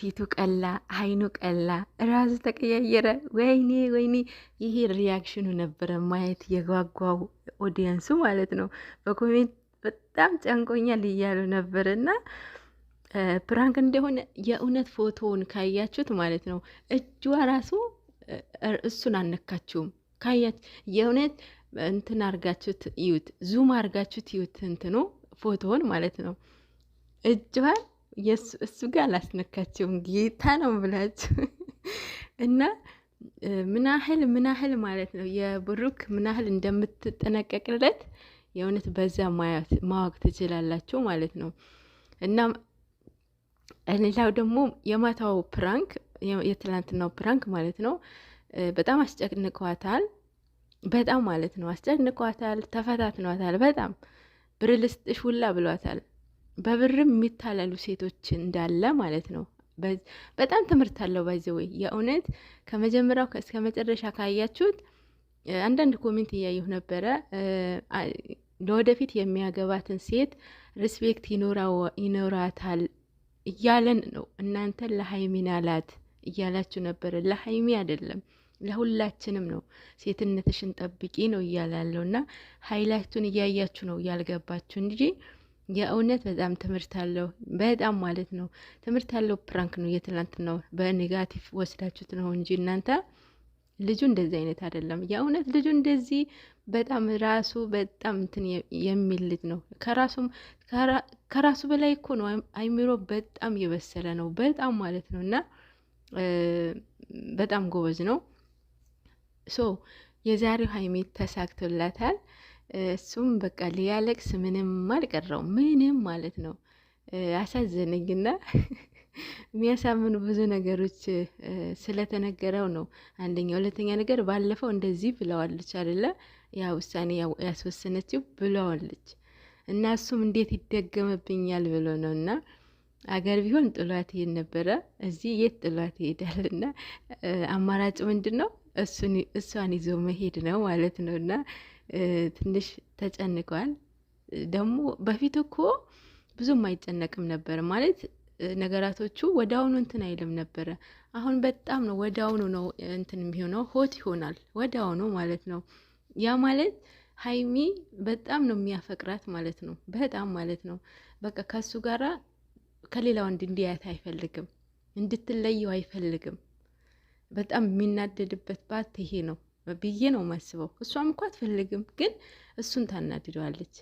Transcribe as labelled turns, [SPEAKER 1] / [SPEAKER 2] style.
[SPEAKER 1] ፊቱ ቀላ፣ አይኑ ቀላ፣ ራሱ ተቀያየረ። ወይኔ ወይኔ! ይሄ ሪያክሽኑ ነበረ ማየት የጓጓው ኦዲየንሱ ማለት ነው። በኮሜንት በጣም ጨንቆኛል እያሉ ነበር እና ፕራንክ እንደሆነ የእውነት ፎቶውን ካያችሁት ማለት ነው እጇ ራሱ እሱን አነካችውም። ካያች የእውነት እንትን አርጋችሁት ይዩት፣ ዙም አርጋችሁት ይዩት እንትኑ ፎቶውን ማለት ነው እጇን እሱ ጋር አላስነካቸውም ጌታ ነው ብላችሁ እና ምናህል ምናህል ማለት ነው የብሩክ ምናህል እንደምትጠነቀቅለት የእውነት በዛ ማወቅ ትችላላችሁ ማለት ነው። እና ሌላው ደግሞ የማታው ፕራንክ የትላንትናው ፕራንክ ማለት ነው በጣም አስጨንቀዋታል በጣም ማለት ነው አስጨንቀዋታል። ተፈታትኗታል። በጣም ብር ልስጥሽ ውላ ብሏታል። በብርም የሚታለሉ ሴቶች እንዳለ ማለት ነው። በጣም ትምህርት አለው በዚህ ወይ የእውነት ከመጀመሪያው እስከ መጨረሻ ካያችሁት አንዳንድ ኮሜንት እያየሁ ነበረ። ለወደፊት የሚያገባትን ሴት ሪስፔክት ይኖራታል እያለን ነው። እናንተ ለሀይሚ አላት እያላችሁ ነበረ። ለሀይሚ አይደለም ለሁላችንም ነው። ሴትነትሽን ጠብቂ ነው እያላለው እና ሀይላችሁን እያያችሁ ነው ያልገባችሁ እንጂ የእውነት በጣም ትምህርት አለው። በጣም ማለት ነው ትምህርት ያለው ፕራንክ ነው። የትላንት ነው በኔጋቲቭ ወስዳችሁት ነው እንጂ እናንተ ልጁ እንደዚህ አይነት አይደለም። የእውነት ልጁ እንደዚህ በጣም ራሱ በጣም እንትን የሚል ልጅ ነው። ከራሱም ከራሱ በላይ እኮ ነው። አይምሮ በጣም የበሰለ ነው። በጣም ማለት ነው እና በጣም ጎበዝ ነው። ሶ የዛሬው ሀይሜት ተሳክቶላታል። እሱም በቃ ሊያለቅስ ምንም አልቀረው ምንም ማለት ነው። አሳዘነኝ ና የሚያሳምኑ ብዙ ነገሮች ስለተነገረው ነው። አንደኛ፣ ሁለተኛ ነገር ባለፈው እንደዚህ ብለዋለች አይደለ? ያ ውሳኔ ያስወሰነችው ብለዋለች እና እሱም እንዴት ይደገምብኛል ብሎ ነው እና አገር ቢሆን ጥሏት ይሄድ ነበረ። እዚህ የት ጥሏት ይሄዳል? እና አማራጭ ምንድን ነው? እሷን ይዞ መሄድ ነው ማለት ነው እና ትንሽ ተጨንቋል። ደግሞ በፊት እኮ ብዙም አይጨነቅም ነበር ማለት ነገራቶቹ ወደ አሁኑ እንትን አይልም ነበረ። አሁን በጣም ነው ወደ አሁኑ ነው እንትን የሚሆነው ሆት ይሆናል ወደ አሁኑ ማለት ነው። ያ ማለት ሀይሚ በጣም ነው የሚያፈቅራት ማለት ነው። በጣም ማለት ነው። በቃ ከሱ ጋራ ከሌላ ወንድ እንዲያያት አይፈልግም፣ እንድትለየው አይፈልግም። በጣም የሚናደድበት ባት ይሄ ነው። ብዬ ነው ማስበው። እሷም እኮ አትፈልግም፣ ግን እሱን ታናድደዋለች።